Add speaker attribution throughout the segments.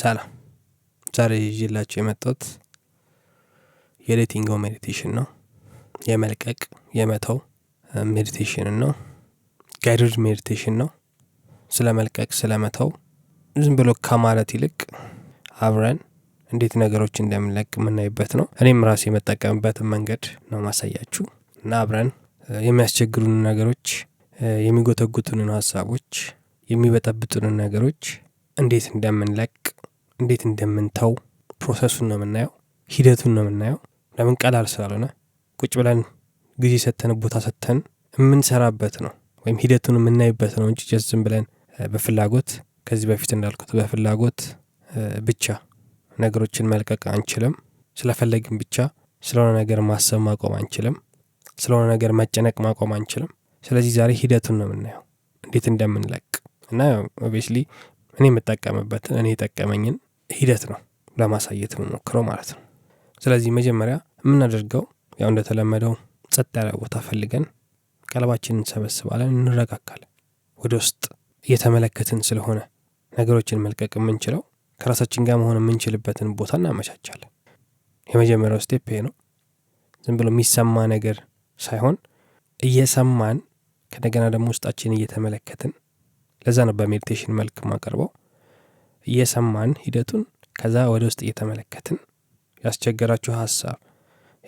Speaker 1: ሰላም ዛሬ ይዤላችሁ የመጣሁት የሌቲንጎ ሜዲቴሽን ነው። የመልቀቅ የመተው ሜዲቴሽን ነው። ጋይድድ ሜዲቴሽን ነው። ስለ መልቀቅ ስለ መተው ዝም ብሎ ከማለት ይልቅ አብረን እንዴት ነገሮች እንደምንለቅ የምናይበት ነው። እኔም ራሴ የመጠቀምበትን መንገድ ነው ማሳያችሁ እና አብረን የሚያስቸግሩን ነገሮች፣ የሚጎተጉቱንን ሀሳቦች፣ የሚበጠብጡንን ነገሮች እንዴት እንደምንለቅ እንዴት እንደምንተው ፕሮሰሱን ነው የምናየው፣ ሂደቱን ነው የምናየው። ለምን ቀላል ስላልሆነ ቁጭ ብለን ጊዜ ሰተን ቦታ ሰተን የምንሰራበት ነው ወይም ሂደቱን የምናይበት ነው እንጂ ጀዝም ብለን በፍላጎት ከዚህ በፊት እንዳልኩት በፍላጎት ብቻ ነገሮችን መልቀቅ አንችልም። ስለፈለግን ብቻ ስለሆነ ነገር ማሰብ ማቆም አንችልም። ስለሆነ ነገር መጨነቅ ማቆም አንችልም። ስለዚህ ዛሬ ሂደቱን ነው የምናየው እንዴት እንደምንለቅ እና ኦቪስሊ እኔ የምጠቀምበትን እኔ የጠቀመኝን ሂደት ነው ለማሳየት የምሞክረው ማለት ነው። ስለዚህ መጀመሪያ የምናደርገው ያው እንደተለመደው ጸጥ ያለ ቦታ ፈልገን ቀለባችንን እንሰበስባለን፣ እንረጋጋለን። ወደ ውስጥ እየተመለከትን ስለሆነ ነገሮችን መልቀቅ የምንችለው ከራሳችን ጋር መሆን የምንችልበትን ቦታ እናመቻቻለን። የመጀመሪያው ስቴፕ ይሄ ነው። ዝም ብሎ የሚሰማ ነገር ሳይሆን እየሰማን ከነገና ደግሞ ውስጣችን እየተመለከትን ለዛ ነው በሜዲቴሽን መልክ ማቀርበው እየሰማን ሂደቱን ከዛ ወደ ውስጥ እየተመለከትን ያስቸገራችሁ ሀሳብ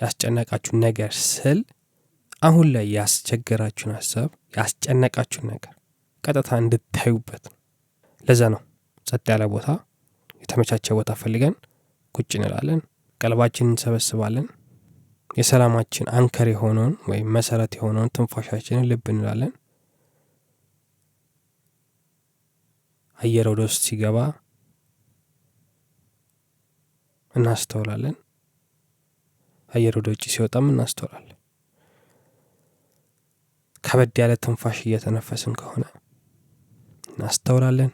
Speaker 1: ያስጨነቃችሁ ነገር ስል አሁን ላይ ያስቸገራችሁን ሀሳብ ያስጨነቃችሁን ነገር ቀጥታ እንድታዩበት ነው ለዛ ነው ጸጥ ያለ ቦታ የተመቻቸ ቦታ ፈልገን ቁጭ እንላለን ቀልባችን እንሰበስባለን የሰላማችን አንከር የሆነውን ወይም መሰረት የሆነውን ትንፋሻችንን ልብ እንላለን አየር ወደ ውስጥ ሲገባ እናስተውላለን። አየር ወደ ውጭ ሲወጣም እናስተውላለን። ከበድ ያለ ትንፋሽ እየተነፈስን ከሆነ እናስተውላለን።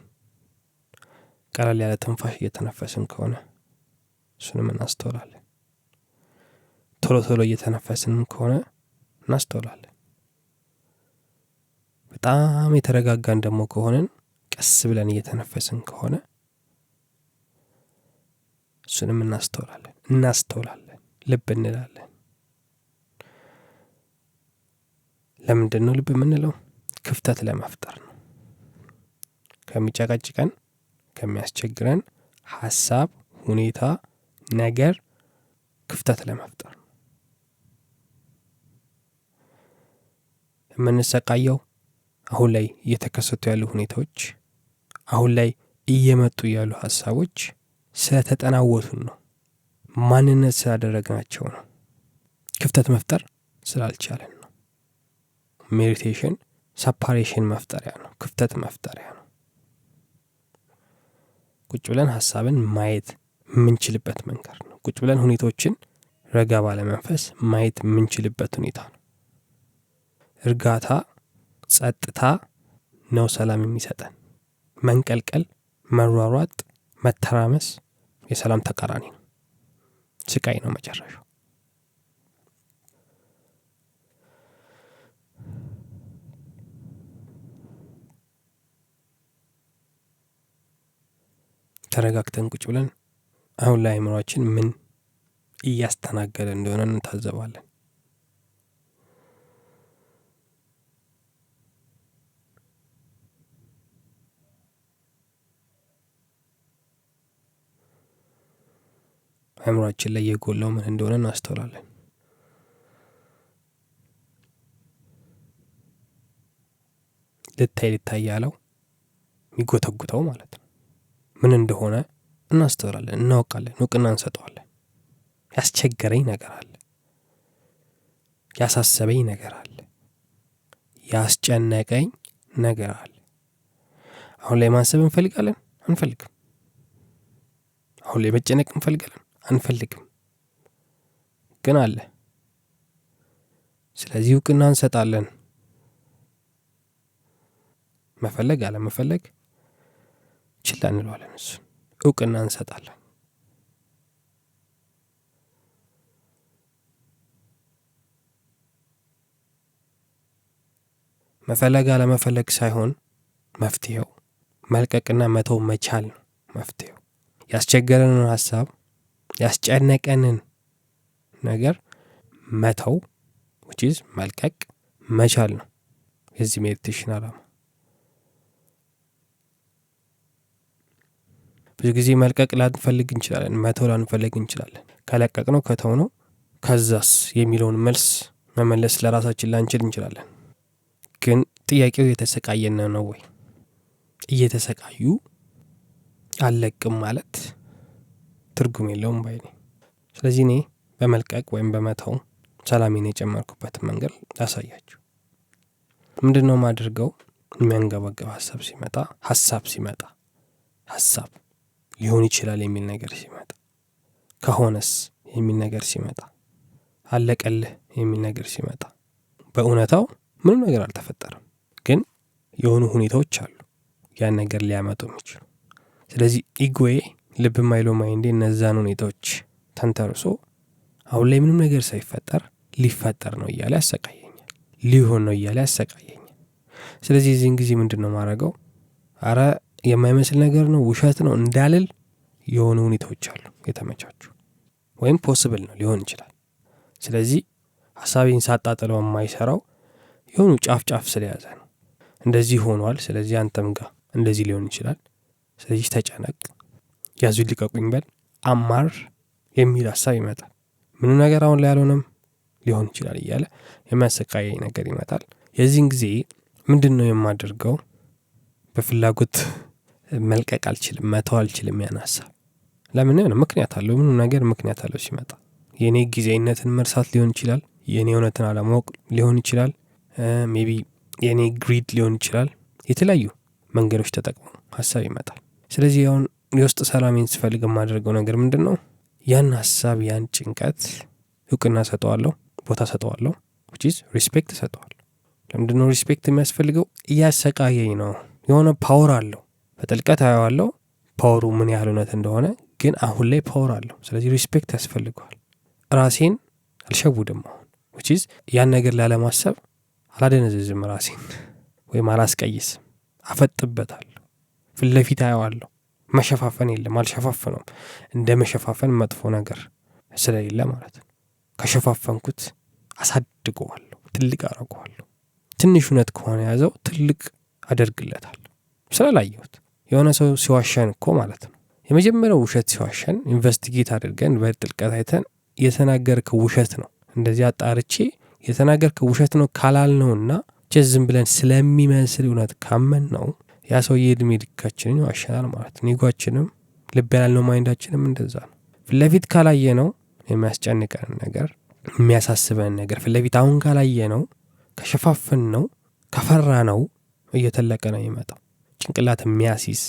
Speaker 1: ቀለል ያለ ትንፋሽ እየተነፈስን ከሆነ እሱንም እናስተውላለን። ቶሎ ቶሎ እየተነፈስን ከሆነ እናስተውላለን። በጣም የተረጋጋን ደግሞ ከሆነን ቀስ ብለን እየተነፈስን ከሆነ እሱንም እናስተውላለን እናስተውላለን ልብ እንላለን ለምንድን ነው ልብ የምንለው ክፍተት ለመፍጠር ነው ከሚጨቀጭቀን ከሚያስቸግረን ሀሳብ ሁኔታ ነገር ክፍተት ለመፍጠር ነው የምንሰቃየው አሁን ላይ እየተከሰቱ ያሉ ሁኔታዎች አሁን ላይ እየመጡ ያሉ ሀሳቦች ስለተጠናወቱን ነው። ማንነት ስላደረግናቸው ነው። ክፍተት መፍጠር ስላልቻለን ነው። ሜዲቴሽን ሰፓሬሽን መፍጠሪያ ነው። ክፍተት መፍጠሪያ ነው። ቁጭ ብለን ሀሳብን ማየት የምንችልበት መንገድ ነው። ቁጭ ብለን ሁኔታዎችን ረጋ ባለመንፈስ ማየት የምንችልበት ሁኔታ ነው። እርጋታ፣ ጸጥታ ነው ሰላም የሚሰጠን። መንቀልቀል፣ መሯሯጥ፣ መተራመስ የሰላም ተቃራኒ ነው። ስቃይ ነው መጨረሻው። ተረጋግተን ቁጭ ብለን አሁን ላይ አይምሯችን ምን እያስተናገደ እንደሆነ እንታዘባለን። አእምሯችን ላይ የጎላው ምን እንደሆነ እናስተውላለን። ልታይ ልታይ ያለው የሚጎተጉተው ማለት ነው ምን እንደሆነ እናስተውላለን፣ እናውቃለን፣ እውቅና እንሰጠዋለን። ያስቸገረኝ ነገር አለ፣ ያሳሰበኝ ነገር አለ፣ ያስጨነቀኝ ነገር አለ። አሁን ላይ ማሰብ እንፈልጋለን? አንፈልግም። አሁን ላይ መጨነቅ እንፈልጋለን? አንፈልግም፣ ግን አለ። ስለዚህ እውቅና እንሰጣለን። መፈለግ አለመፈለግ ችላ እንለዋለን። እሱ እውቅና እንሰጣለን። መፈለግ አለመፈለግ ሳይሆን መፍትሄው መልቀቅና መተው መቻል ነው። መፍትሄው ያስቸገረንን ሀሳብ ያስጨነቀንን ነገር መተው ውጪዝ መልቀቅ መቻል ነው የዚህ ሜዲቴሽን አላማ። ብዙ ጊዜ መልቀቅ ላንፈልግ እንችላለን፣ መተው ላንፈልግ እንችላለን። ከለቀቅ ነው ከተው ነው ከዛስ የሚለውን መልስ መመለስ ለራሳችን ላንችል እንችላለን። ግን ጥያቄው እየተሰቃየነ ነው ወይ? እየተሰቃዩ አልለቅም ማለት ትርጉም የለውም ባይ ስለዚህ እኔ በመልቀቅ ወይም በመተው ሰላሜን የጨመርኩበትን መንገድ ላሳያችሁ። ምንድን ነው ማድርገው? የሚያንገበገብ ሀሳብ ሲመጣ ሀሳብ ሲመጣ ሀሳብ ሊሆን ይችላል የሚል ነገር ሲመጣ ከሆነስ የሚል ነገር ሲመጣ አለቀልህ የሚል ነገር ሲመጣ በእውነታው ምንም ነገር አልተፈጠረም፣ ግን የሆኑ ሁኔታዎች አሉ ያን ነገር ሊያመጡ የሚችሉ። ስለዚህ ኢጎዬ ልብ ማይሎ ማይንዴ እነዛን ሁኔታዎች ተንተርሶ አሁን ላይ ምንም ነገር ሳይፈጠር ሊፈጠር ነው እያለ ያሰቃየኛል፣ ሊሆን ነው እያለ ያሰቃየኛል። ስለዚህ እዚህን ጊዜ ምንድን ነው ማድረገው? አረ የማይመስል ነገር ነው ውሸት ነው እንዳልል የሆኑ ሁኔታዎች አሉ የተመቻቹ ወይም ፖስብል ነው ሊሆን ይችላል። ስለዚህ ሀሳቤን ሳጣጥለው የማይሰራው የሆኑ ጫፍ ጫፍ ስለያዘ ነው። እንደዚህ ሆኗል። ስለዚህ አንተም ጋር እንደዚህ ሊሆን ይችላል። ስለዚህ ተጨነቅ ያዙ ሊቀቁኝ በል አማር የሚል ሀሳብ ይመጣል። ምንም ነገር አሁን ላይ አልሆነም ሊሆን ይችላል እያለ የሚያሰቃየኝ ነገር ይመጣል። የዚህን ጊዜ ምንድን ነው የማደርገው? በፍላጎት መልቀቅ አልችልም፣ መተው አልችልም። ያናሳ ለምን ሆነ? ምክንያት አለው። ምኑ ነገር ምክንያት አለው ሲመጣ የእኔ ጊዜይነትን መርሳት ሊሆን ይችላል። የእኔ እውነትን አለማወቅ ሊሆን ይችላል። ቢ የእኔ ግሪድ ሊሆን ይችላል። የተለያዩ መንገዶች ተጠቅሞ ሀሳብ ይመጣል። ስለዚህ አሁን የውስጥ ሰላሜን ስፈልግ የማደርገው ነገር ምንድን ነው? ያን ሀሳብ ያን ጭንቀት እውቅና ሰጠዋለሁ፣ ቦታ ሰጠዋለሁ፣ ዊችዝ ሪስፔክት ሰጠዋለሁ። ለምንድነው ሪስፔክት የሚያስፈልገው? እያሰቃየኝ ነው። የሆነ ፓወር አለው። በጥልቀት አየዋለሁ ፓወሩ ምን ያህል እውነት እንደሆነ፣ ግን አሁን ላይ ፓወር አለው። ስለዚህ ሪስፔክት ያስፈልገዋል። ራሴን አልሸውድም። አሁን ዊችዝ ያን ነገር ላለማሰብ አላደነዝዝም ራሴን ወይም አላስቀይስም። አፈጥበታለሁ። ፊት አየዋለሁ መሸፋፈን የለም አልሸፋፈነውም። እንደ መሸፋፈን መጥፎ ነገር ስለሌለ ማለት ነው። ከሸፋፈንኩት አሳድገዋለሁ፣ ትልቅ አረገዋለሁ። ትንሽ እውነት ከሆነ የያዘው ትልቅ አደርግለታል ስላላየሁት የሆነ ሰው ሲዋሸን እኮ ማለት ነው። የመጀመሪያው ውሸት ሲዋሸን ኢንቨስቲጌት አድርገን በጥልቀት አይተን የተናገርከው ውሸት ነው እንደዚህ አጣርቼ የተናገርከው ውሸት ነው ካላልነውና ጀዝም ብለን ስለሚመስል እውነት ካመን ነው ያ ሰው የእድሜ ልካችንን ይዋሸናል ማለት ነው። ኒጓችንም ልብ ያልነው ማይንዳችንም እንደዛ ነው። ፊትለፊት ካላየ ነው የሚያስጨንቀን ነገር የሚያሳስበን ነገር ፍለፊት አሁን ካላየ ነው ከሸፋፍን ነው ከፈራ ነው እየተለቀ ነው የሚመጣው። ጭንቅላት የሚያሲስ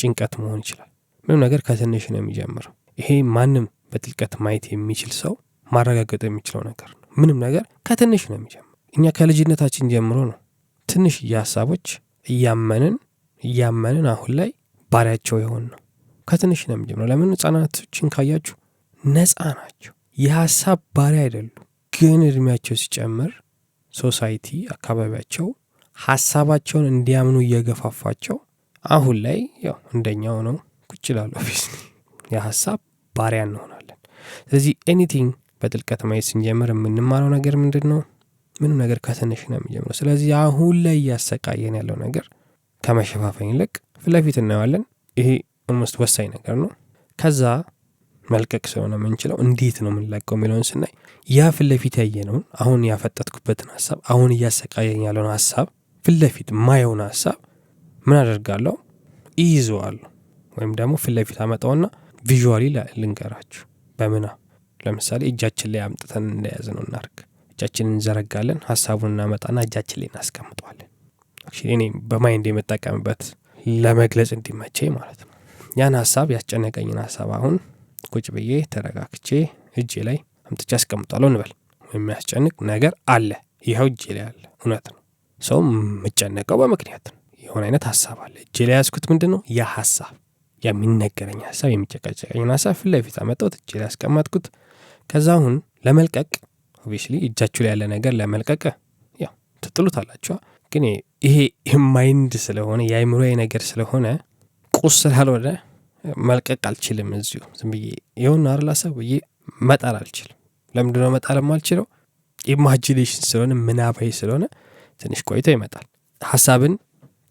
Speaker 1: ጭንቀት መሆን ይችላል። ምንም ነገር ከትንሽ ነው የሚጀምረው። ይሄ ማንም በጥልቀት ማየት የሚችል ሰው ማረጋገጥ የሚችለው ነገር ነው። ምንም ነገር ከትንሽ ነው የሚጀምረው። እኛ ከልጅነታችን ጀምሮ ነው ትንሽዬ ሀሳቦች እያመንን እያመንን አሁን ላይ ባሪያቸው የሆን ነው። ከትንሽ ነው የሚጀምረው። ለምን ህጻናቶችን ካያችሁ ነፃ ናቸው። የሀሳብ ባሪያ አይደሉም። ግን እድሜያቸው ሲጨምር ሶሳይቲ፣ አካባቢያቸው ሀሳባቸውን እንዲያምኑ እየገፋፋቸው አሁን ላይ ያው እንደኛው ነው ቁጭ ላሉ የሀሳብ ባሪያ እንሆናለን። ስለዚህ ኤኒቲንግ በጥልቀት ማየት ስንጀምር የምንማረው ነገር ምንድን ነው? ምንም ነገር ከትንሽ ነው የሚጀምረው። ስለዚህ አሁን ላይ እያሰቃየን ያለው ነገር ከመሸፋፈን ይልቅ ፊት እናየዋለን። ይሄ ኦልሞስት ወሳኝ ነገር ነው። ከዛ መልቀቅ ስለሆነ የምንችለው እንዴት ነው የምንለቀው የሚለውን ስናይ ያ ፊት ለፊት ያየነውን አሁን ያፈጠጥኩበትን ሀሳብ አሁን እያሰቃየኝ ያለውን ሀሳብ ፊት ማየውን ሀሳብ ምን አደርጋለሁ? ይይዘዋለሁ ወይም ደግሞ ፊት ለፊት አመጣውና ቪዥዋሊ ልንገራችሁ በምና ለምሳሌ እጃችን ላይ አምጥተን እንደያዝ ነው እናርግ። እጃችንን እንዘረጋለን፣ ሀሳቡን እናመጣና እጃችን ላይ እናስቀምጠዋለን። እኔ በማይንድ የምጠቀምበት ለመግለጽ እንዲመቼ ማለት ነው። ያን ሀሳብ ያስጨነቀኝን ሀሳብ አሁን ቁጭ ብዬ ተረጋግቼ እጄ ላይ አምጥቼ አስቀምጣለሁ እንበል። የሚያስጨንቅ ነገር አለ፣ ይኸው እጄ ላይ አለ። እውነት ነው። ሰው የምጨነቀው በምክንያት ነው። የሆነ አይነት ሀሳብ አለ እጄ ላይ ያዝኩት። ምንድን ነው ያ ሀሳብ? የሚነገረኝ ሀሳብ፣ የሚጨቀጨቀኝን ሀሳብ ፊት ለፊት አመጣሁት፣ እጄ ላይ ያስቀመጥኩት። ከዛ አሁን ለመልቀቅ ኦብቪየስሊ እጃችሁ ላይ ያለ ነገር ለመልቀቅ ያው ትጥሉት አላችኋ ግን ይሄ ማይንድ ስለሆነ የአይምሮ ነገር ስለሆነ ቁስ ስላልሆነ መልቀቅ አልችልም። እዚሁ ዝም ብዬ የሆነ አርላሰብ ብዬ መጣል አልችልም። ለምንድነው መጣልም አልችለው? ኢማጂኔሽን ስለሆነ ምናባይ ስለሆነ ትንሽ ቆይቶ ይመጣል። ሀሳብን፣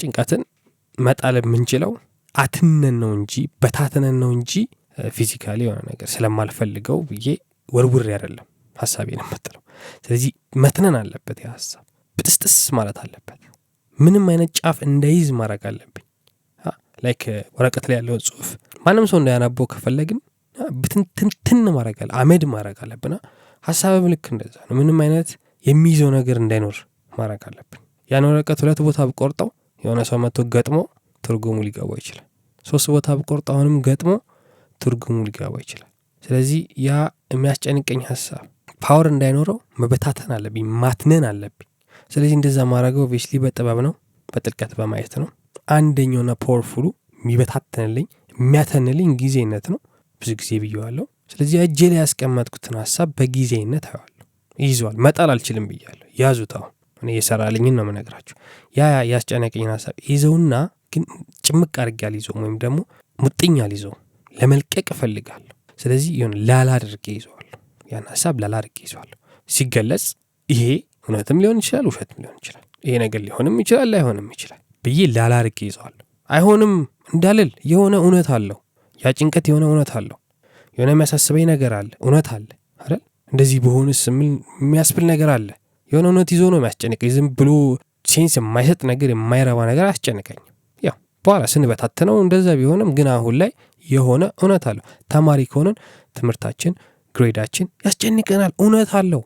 Speaker 1: ጭንቀትን መጣል የምንችለው አትነን ነው እንጂ በታትነን ነው እንጂ ፊዚካሊ የሆነ ነገር ስለማልፈልገው ብዬ ወርውሬ አይደለም ሀሳቤን የምጥለው። ስለዚህ መትነን አለበት፣ ሀሳብ ብጥስጥስ ማለት አለበት። ምንም አይነት ጫፍ እንዳይዝ ማድረግ አለብኝ ላይክ ወረቀት ላይ ያለው ጽሁፍ ማንም ሰው እንዳያናበው ከፈለግን ብትንትንትን ማድረግ አለ አመድ ማድረግ አለብና ሀሳብም ልክ እንደዛ ነው ምንም አይነት የሚይዘው ነገር እንዳይኖር ማድረግ አለብን ያን ወረቀት ሁለት ቦታ ብቆርጠው የሆነ ሰው መጥቶ ገጥሞ ትርጉሙ ሊገባ ይችላል ሶስት ቦታ ብቆርጠው አሁንም ገጥሞ ትርጉሙ ሊገባው ይችላል ስለዚህ ያ የሚያስጨንቀኝ ሀሳብ ፓወር እንዳይኖረው መበታተን አለብኝ ማትነን አለብኝ ስለዚህ እንደዛ ማድረገው ኦብቪየስሊ በጥበብ ነው በጥልቀት በማየት ነው አንደኛውና ፓወርፉሉ የሚበታተንልኝ የሚያተንልኝ ጊዜነት ነው ብዙ ጊዜ ብየዋለሁ ስለዚህ እጄ ላይ ያስቀመጥኩትን ሀሳብ በጊዜነት አዋለሁ ይዘዋል መጣል አልችልም ብያለሁ ያዙት አሁን እኔ የሰራልኝን ነው ምነግራችሁ ያ ያስጨነቀኝን ሀሳብ ይዘውና ግን ጭምቅ አድርጌ አልይዘውም ወይም ደግሞ ሙጥኝ አልይዘው ለመልቀቅ እፈልጋለሁ ስለዚህ ሆን ላላ አድርጌ ይዘዋለሁ ያን ሀሳብ ላላ አድርጌ ይዘዋለሁ ሲገለጽ ይሄ እውነትም ሊሆን ይችላል፣ ውሸትም ሊሆን ይችላል። ይሄ ነገር ሊሆንም ይችላል፣ ላይሆንም ይችላል ብዬ ላላርቅ ይዘዋል አይሆንም እንዳልል የሆነ እውነት አለው። ያ ጭንቀት የሆነ እውነት አለው። የሆነ የሚያሳስበኝ ነገር አለ፣ እውነት አለ አይደል? እንደዚህ በሆንስ የሚያስብል ነገር አለ። የሆነ እውነት ይዞ ነው የሚያስጨንቀኝ። ዝም ብሎ ሴንስ የማይሰጥ ነገር፣ የማይረባ ነገር አስጨንቀኝ ያው በኋላ ነው እንደዛ ቢሆንም ግን አሁን ላይ የሆነ እውነት አለው። ተማሪ ከሆንን ትምህርታችን፣ ግሬዳችን ያስጨንቀናል፣ እውነት አለው።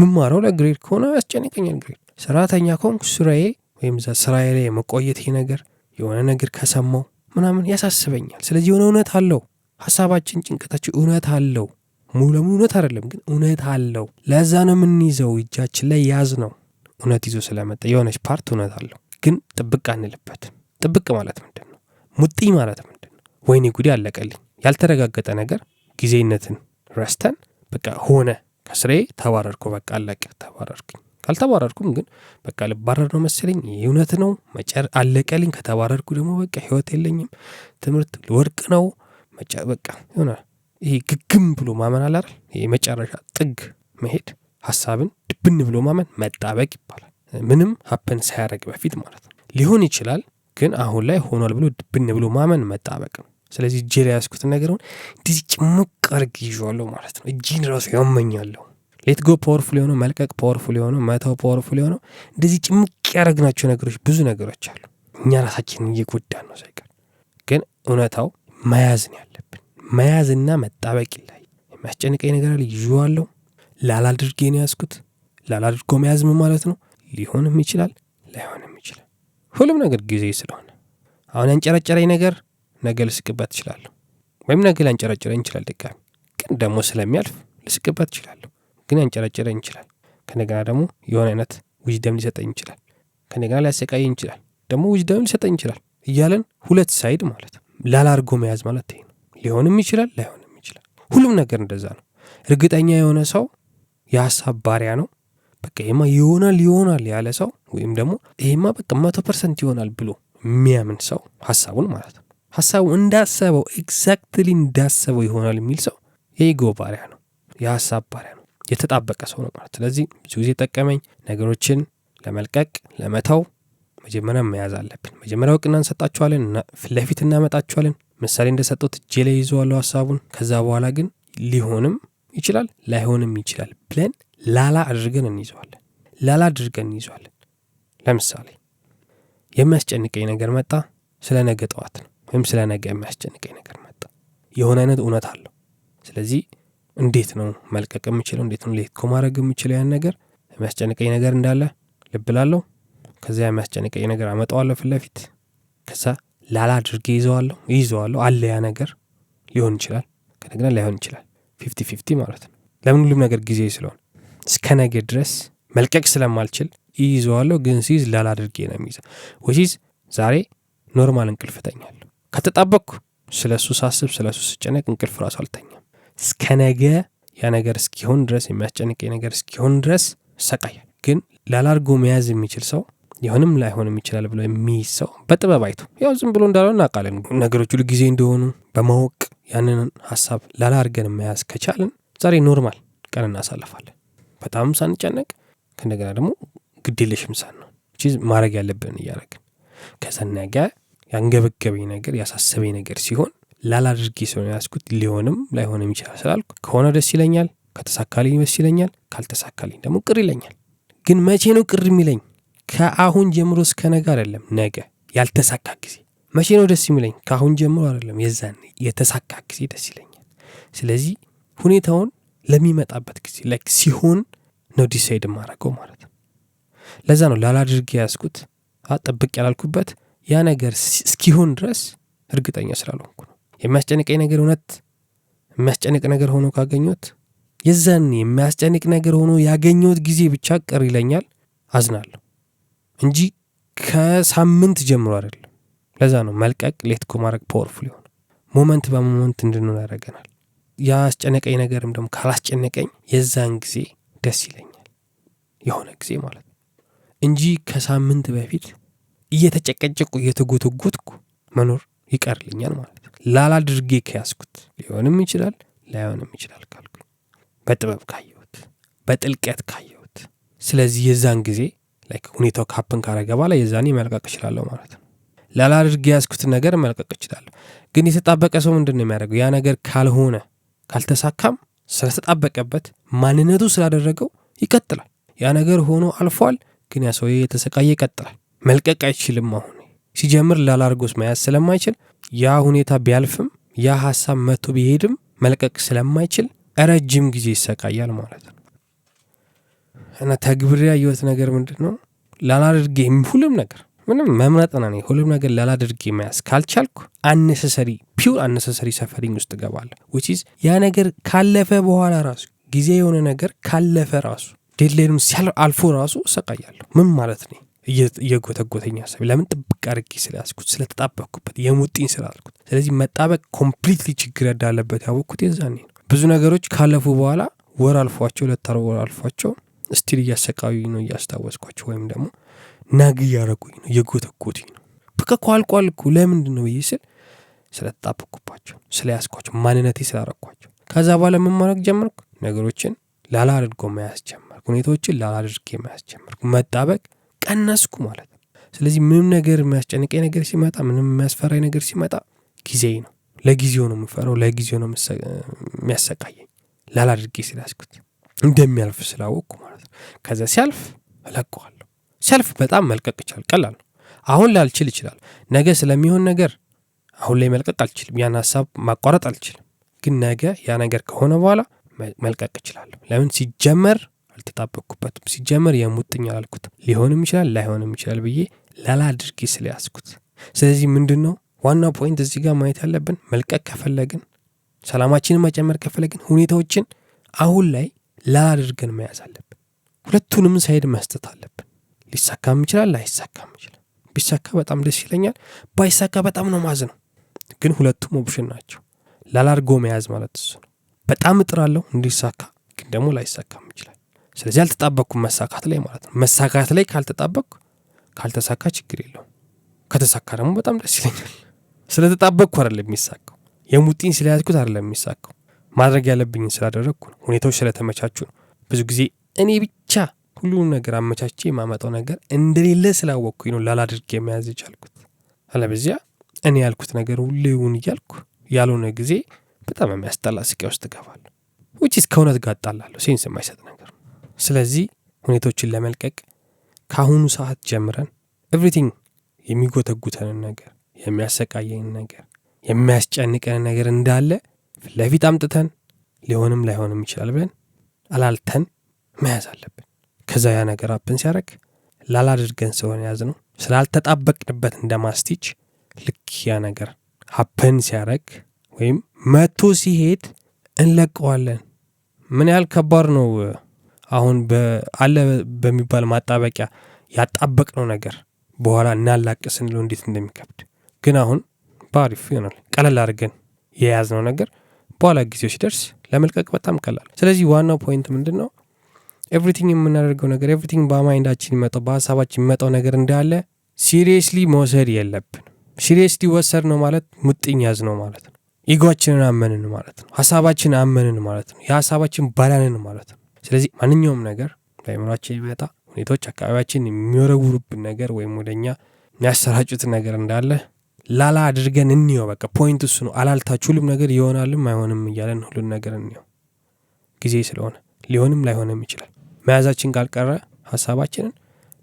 Speaker 1: ምማረው ለግሬድ ከሆነ ያስጨንቀኛል። ግሬድ ሰራተኛ ከሆንኩ ስራዬ ወይም ስራዬ ላይ የመቆየቴ ነገር የሆነ ነገር ከሰማው ምናምን ያሳስበኛል። ስለዚህ የሆነ እውነት አለው ሀሳባችን፣ ጭንቀታችን እውነት አለው። ሙሉ ለሙሉ እውነት አይደለም ግን እውነት አለው። ለዛ ነው የምንይዘው እጃችን ላይ ያዝ ነው። እውነት ይዞ ስለመጣ የሆነች ፓርት እውነት አለው ግን ጥብቅ አንልበት። ጥብቅ ማለት ምንድን ነው? ሙጥኝ ማለት ምንድን ነው? ወይኔ ጉዴ አለቀልኝ ያልተረጋገጠ ነገር ጊዜነትን ረስተን በቃ ሆነ ከስሬ ተባረርኩ። በቃ አለቀ። ተባረርኩኝ ካልተባረርኩም ግን በቃ ልባረር ነው መሰለኝ። እውነት ነው መጨር አለቀልኝ። ከተባረርኩ ደግሞ በቃ ህይወት የለኝም። ትምህርት ወርቅ ነው መጫ በቃ ሆነ። ይሄ ግግም ብሎ ማመን አላል መጨረሻ ጥግ መሄድ ሀሳብን ድብን ብሎ ማመን መጣበቅ ይባላል። ምንም ሀፕን ሳያደርግ በፊት ማለት ነው። ሊሆን ይችላል ግን አሁን ላይ ሆኗል ብሎ ድብን ብሎ ማመን መጣበቅ ነው። ስለዚህ እጄ ላይ ያስኩትን ነገር ሆን እንደዚህ ጭምቅ አርግ ይዋለሁ ማለት ነው። እጅን ራሱ ያመኛለሁ። ሌት ጎ ፓወርፉል የሆነው መልቀቅ ፓወርፉል የሆነው መተው ፓወርፉል የሆነው እንደዚህ ጭምቅ ያደረግናቸው ነገሮች ብዙ ነገሮች አሉ። እኛ ራሳችን እየጎዳን ነው ሳይቀር ግን እውነታው መያዝን ያለብን መያዝና መጣበቅ ላይ የሚያስጨንቀኝ ነገር አለ ይዋለሁ። ላላድርጌ ነው ያስኩት። ላላድርጎ መያዝም ማለት ነው ሊሆንም ይችላል ላይሆንም ይችላል። ሁሉም ነገር ጊዜ ስለሆነ አሁን ያንጨረጨረኝ ነገር ነገ ልስቅበት እችላለሁ፣ ወይም ነገ ሊያንጨረጭረኝ ይችላል። ድጋሚ ግን ደግሞ ስለሚያልፍ ልስቅበት እችላለሁ፣ ግን ያንጨረጭረኝ ይችላል። ከነገና ደግሞ የሆነ አይነት ውጅደም ሊሰጠኝ ይችላል። ከነገና ሊያሰቃይ ይችላል፣ ደግሞ ውጅደም ሊሰጠኝ ይችላል እያለን ሁለት ሳይድ ማለት ላላርጎ መያዝ ማለት ይሄ ነው። ሊሆንም ይችላል፣ ላይሆንም ይችላል። ሁሉም ነገር እንደዛ ነው። እርግጠኛ የሆነ ሰው የሀሳብ ባሪያ ነው። በቃ ይህማ ይሆናል ይሆናል ያለ ሰው ወይም ደግሞ ይሄማ በቃ መቶ ፐርሰንት ይሆናል ብሎ የሚያምን ሰው ሀሳቡን ማለት ነው ሀሳቡ እንዳሰበው ኤግዛክትሊ እንዳሰበው ይሆናል የሚል ሰው የኢጎ ባሪያ ነው፣ የሀሳብ ባሪያ ነው፣ የተጣበቀ ሰው ነው ማለት። ስለዚህ ብዙ ጊዜ ጠቀመኝ ነገሮችን ለመልቀቅ ለመተው መጀመሪያ መያዝ አለብን። መጀመሪያ እውቅና እንሰጣችኋለን፣ ፊት ለፊት እናመጣችኋለን። ምሳሌ እንደሰጠሁት እጄ ላይ ይዘዋለሁ ሀሳቡን። ከዛ በኋላ ግን ሊሆንም ይችላል ላይሆንም ይችላል ብለን ላላ አድርገን እንይዘዋለን። ላላ አድርገን እንይዘዋለን። ለምሳሌ የሚያስጨንቀኝ ነገር መጣ፣ ስለ ነገ ጠዋት ነው። ወይም ስለ ነገ የሚያስጨንቀኝ ነገር መጣ። የሆነ አይነት እውነት አለው። ስለዚህ እንዴት ነው መልቀቅ የምችለው? እንዴት ነው ሌት ከማድረግ የምችለው? ያን ነገር የሚያስጨንቀኝ ነገር እንዳለ ልብላለሁ ከዚያ የሚያስጨንቀኝ ነገር አመጠዋለሁ ፊትለፊት ከዛ ላላ አድርጌ ይዘዋለሁ ይዘዋለሁ አለ። ያ ነገር ሊሆን ይችላል፣ ከነገና ላይሆን ይችላል። ፊፍቲ ፊፍቲ ማለት ነው። ለምን ሁሉም ነገር ጊዜ ስለሆነ እስከ ነገ ድረስ መልቀቅ ስለማልችል ይይዘዋለሁ። ግን ሲይዝ ላላ አድርጌ ነው የሚይዘው። ዛሬ ኖርማል እንቅልፍተኛል ከተጣበቅኩ ስለ እሱ ሳስብ ስለ እሱ ስጨነቅ እንቅልፍ ራሱ አልተኛም እስከ ነገ ያ ነገር እስኪሆን ድረስ የሚያስጨንቅ ነገር እስኪሆን ድረስ ሰቃያል ግን ላላርጎ መያዝ የሚችል ሰው የሆንም ላይሆንም ይችላል ብሎ የሚይዝ ሰው በጥበብ አይቶ ያው ዝም ብሎ እንዳለው እናቃለን ነገሮች ሁሉ ጊዜ እንደሆኑ በማወቅ ያንን ሀሳብ ላላርገን መያዝ ከቻልን ዛሬ ኖርማል ቀን እናሳልፋለን በጣም ሳንጨነቅ ከእንደገና ደግሞ ግዴለሽም ሳን ነው ማድረግ ያለብን እያረግን ከዛ ያንገበገበኝ ነገር ያሳሰበኝ ነገር ሲሆን ላላድርጌ ስለሆነ ያስኩት ሊሆንም ላይሆንም ይችላል ስላልኩ ከሆነ ደስ ይለኛል፣ ከተሳካልኝ ደስ ይለኛል፣ ካልተሳካልኝ ደግሞ ቅር ይለኛል። ግን መቼ ነው ቅር የሚለኝ? ከአሁን ጀምሮ እስከ ነገ አይደለም፣ ነገ ያልተሳካ ጊዜ። መቼ ነው ደስ የሚለኝ? ከአሁን ጀምሮ አይደለም፣ የዛኔ የተሳካ ጊዜ ደስ ይለኛል። ስለዚህ ሁኔታውን ለሚመጣበት ጊዜ ላይክ ሲሆን ነው ዲሳይድ ማድረገው ማለት ነው። ለዛ ነው ላላድርጌ ያስኩት ጠብቅ ያላልኩበት ያ ነገር እስኪሆን ድረስ እርግጠኛ ስላልሆንኩ ነው። የሚያስጨንቀኝ ነገር እውነት የሚያስጨንቅ ነገር ሆኖ ካገኘት የዛን የሚያስጨንቅ ነገር ሆኖ ያገኘት ጊዜ ብቻ ቅር ይለኛል፣ አዝናለሁ እንጂ ከሳምንት ጀምሮ አይደለም። ለዛ ነው መልቀቅ ሌትኮ ማድረግ ፓወርፉል የሆነ ሞመንት በሞመንት እንድንሆን ያደረገናል። ያስጨነቀኝ ነገርም ደግሞ ካላስጨነቀኝ የዛን ጊዜ ደስ ይለኛል፣ የሆነ ጊዜ ማለት ነው እንጂ ከሳምንት በፊት እየተጨቀጨቁ እየተጎተጎትኩ መኖር ይቀርልኛል ማለት ነው። ላላድርጌ ከያዝኩት ሊሆንም ይችላል ላይሆንም ይችላል ካልኩኝ በጥበብ ካየሁት፣ በጥልቀት ካየሁት፣ ስለዚህ የዛን ጊዜ ሁኔታው ካፕን ካረገ በኋላ የዛኔ መልቀቅ እችላለሁ ማለት ነው። ላላድርጌ የያዝኩትን ነገር መልቀቅ እችላለሁ። ግን የተጣበቀ ሰው ምንድን ነው የሚያደርገው? ያ ነገር ካልሆነ ካልተሳካም ስለተጣበቀበት ማንነቱ ስላደረገው ይቀጥላል። ያ ነገር ሆኖ አልፏል። ግን ያ ሰውዬ የተሰቃየ ይቀጥላል። መልቀቅ አይችልም። አሁን ሲጀምር ላላርጎስ መያዝ ስለማይችል ያ ሁኔታ ቢያልፍም ያ ሀሳብ መቶ ቢሄድም መልቀቅ ስለማይችል ረጅም ጊዜ ይሰቃያል ማለት ነው። እና ተግብር ያየሁት ነገር ምንድን ነው? ላላድርጌ ሁሉም ነገር ምንም መምረጥና ነኝ። ሁሉም ነገር ላላድርጌ መያዝ ካልቻልኩ አነሰሰሪ ፒውር አነሰሰሪ ሰፈሪኝ ውስጥ ገባለ ዊች ያ ነገር ካለፈ በኋላ ራሱ ጊዜ የሆነ ነገር ካለፈ ራሱ ዴድላይኑም ሲያል አልፎ ራሱ እሰቃያለሁ። ምን ማለት ነው? እየጎተጎተኝ ሀሳቢ ለምን ጥብቅ አድርጌ ስለያዝኩት ስለተጣበቅኩበት የሙጢን ስራ አልኩት ስለዚህ መጣበቅ ኮምፕሊትሊ ችግር እንዳለበት ያወቅኩት የዛኔ ነው ብዙ ነገሮች ካለፉ በኋላ ወር አልፏቸው ለታር ወር አልፏቸው ስቲል እያሰቃዩኝ ነው እያስታወስኳቸው ወይም ደግሞ ናግ እያረጉኝ ነው እየጎተጎቱኝ ነው በቃ ኳልቋል እኮ ለምንድን ነው ብዬ ስል ስለተጣበቅኩባቸው ስለያስኳቸው ማንነቴ ስላረኳቸው ከዛ በኋላ ምን ማድረግ ጀመርኩ ነገሮችን ላላ አድርጎ መያዝ ጀመርኩ ሁኔታዎችን ላላ አድርጌ መያዝ ጀመርኩ መጣበቅ ቀነስኩ ማለት ነው። ስለዚህ ምንም ነገር የሚያስጨንቀኝ ነገር ሲመጣ፣ ምንም የሚያስፈራኝ ነገር ሲመጣ ጊዜ ነው። ለጊዜው ነው የምፈራው፣ ለጊዜው ነው የሚያሰቃየኝ ላላድርጌ ስላስኩት እንደሚያልፍ ስላወቅኩ ማለት ነው። ከዛ ሲያልፍ እለቀዋለሁ። ሲያልፍ በጣም መልቀቅ ይችላል ቀላል ነው። አሁን ላልችል ይችላል። ነገ ስለሚሆን ነገር አሁን ላይ መልቀቅ አልችልም። ያን ሀሳብ ማቋረጥ አልችልም። ግን ነገ ያ ነገር ከሆነ በኋላ መልቀቅ ይችላለሁ ለምን ሲጀመር አልተጣበቅኩበትም። ሲጀመር የሙጥኝ አላልኩትም። ሊሆንም ይችላል ላይሆንም ይችላል ብዬ ላላ አድርጌ ያስኩት። ስለዚህ ምንድን ነው ዋናው ፖይንት እዚህ ጋር ማየት ያለብን መልቀቅ ከፈለግን፣ ሰላማችንን መጨመር ከፈለግን ሁኔታዎችን አሁን ላይ ላላ አድርገን መያዝ አለብን። ሁለቱንም ሳይድ መስጠት አለብን። ሊሳካም ይችላል ላይሳካም ይችላል። ቢሳካ በጣም ደስ ይለኛል፣ ባይሳካ በጣም ነው ማዝ ነው። ግን ሁለቱም ኦፕሽን ናቸው። ላላ አድርጎ መያዝ ማለት እሱ ነው። በጣም እጥራለሁ እንዲሳካ፣ ግን ደግሞ ላይሳካም ይችላል። ስለዚህ አልተጣበቅኩም መሳካት ላይ ማለት ነው። መሳካት ላይ ካልተጣበቅኩ ካልተሳካ ችግር የለው። ከተሳካ ደግሞ በጣም ደስ ይለኛል። ስለተጣበቅኩ አደለ የሚሳካው። የሙጢን ስለያዝኩት አደለ የሚሳካው። ማድረግ ያለብኝን ስላደረግኩ ነው። ሁኔታዎች ስለተመቻቹ ነው። ብዙ ጊዜ እኔ ብቻ ሁሉን ነገር አመቻቼ የማመጣው ነገር እንደሌለ ስላወቅኩ ነው ላላድርግ የመያዝ ይቻልኩት አለበዚያ እኔ ያልኩት ነገር ሁሉ ይሁን እያልኩ ያልሆነ ጊዜ በጣም የሚያስጠላ ስቃይ ውስጥ እገባለሁ። ውጭ ከእውነት ጋር እጣላለሁ። ሴንስ የማይሰጥ ነገር ነው። ስለዚህ ሁኔቶችን ለመልቀቅ ከአሁኑ ሰዓት ጀምረን ኤቭሪቲንግ የሚጎተጉተንን ነገር፣ የሚያሰቃየንን ነገር፣ የሚያስጨንቀንን ነገር እንዳለ ፊት ለፊት አምጥተን ሊሆንም ላይሆንም ይችላል ብለን አላልተን መያዝ አለብን። ከዛ ያ ነገር አፕን ሲያደረግ ላላድርገን ስለሆነ ያዝ ነው ስላልተጣበቅንበት እንደ ማስቲች ልክ ያ ነገር ሀፕን ሲያደረግ ወይም መቶ ሲሄድ እንለቀዋለን። ምን ያህል ከባድ ነው አሁን አለ በሚባል ማጣበቂያ ያጣበቅነው ነገር በኋላ እናላቅ ስንለው እንዴት እንደሚከብድ ግን አሁን በአሪፍ ይሆናል። ቀለል አድርገን የያዝነው ነገር በኋላ ጊዜው ሲደርስ ለመልቀቅ በጣም ቀላል። ስለዚህ ዋናው ፖይንት ምንድን ነው? ኤቭሪቲንግ የምናደርገው ነገር ኤቭሪቲንግ በማይንዳችን ይመጣው በሀሳባችን የሚመጣው ነገር እንዳለ ሲሪየስሊ መውሰድ የለብን። ሲሪየስሊ ወሰድ ነው ማለት ሙጥኝ ያዝ ነው ማለት ነው። ኢጓችንን አመንን ማለት ነው። ሀሳባችን አመንን ማለት ነው። የሀሳባችን ባላንን ማለት ነው። ስለዚህ ማንኛውም ነገር በአእምሯችን ይመጣ ሁኔታዎች አካባቢያችን የሚወረውሩብን ነገር ወይም ወደኛ የሚያሰራጩትን ነገር እንዳለ ላላ አድርገን እንየው በቃ ፖይንት እሱ ነው አላልታች ሁሉም ነገር ይሆናልም አይሆንም እያለን ሁሉን ነገር እንየው ጊዜ ስለሆነ ሊሆንም ላይሆንም ይችላል መያዛችን ካልቀረ ሀሳባችንን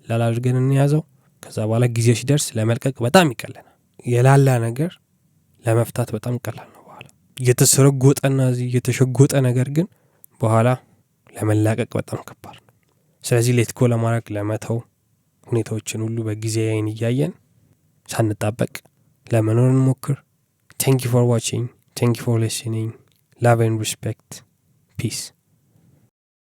Speaker 1: ላላ አድርገን እንያዘው ከዛ በኋላ ጊዜ ሲደርስ ለመልቀቅ በጣም ይቀለናል የላላ ነገር ለመፍታት በጣም ቀላል ነው በኋላ የተሰረጎጠና የተሸጎጠ ነገር ግን በኋላ ለመላቀቅ በጣም ከባድ ነው። ስለዚህ ሌትኮ ለማድረግ ለመተው ሁኔታዎችን ሁሉ በጊዜ አይን እያየን ሳንጣበቅ ለመኖር እንሞክር። ታንክ ፎር ዋቺንግ ታንክ ፎር ሊስኒንግ ላቭ ኤንድ ሪስፔክት ፒስ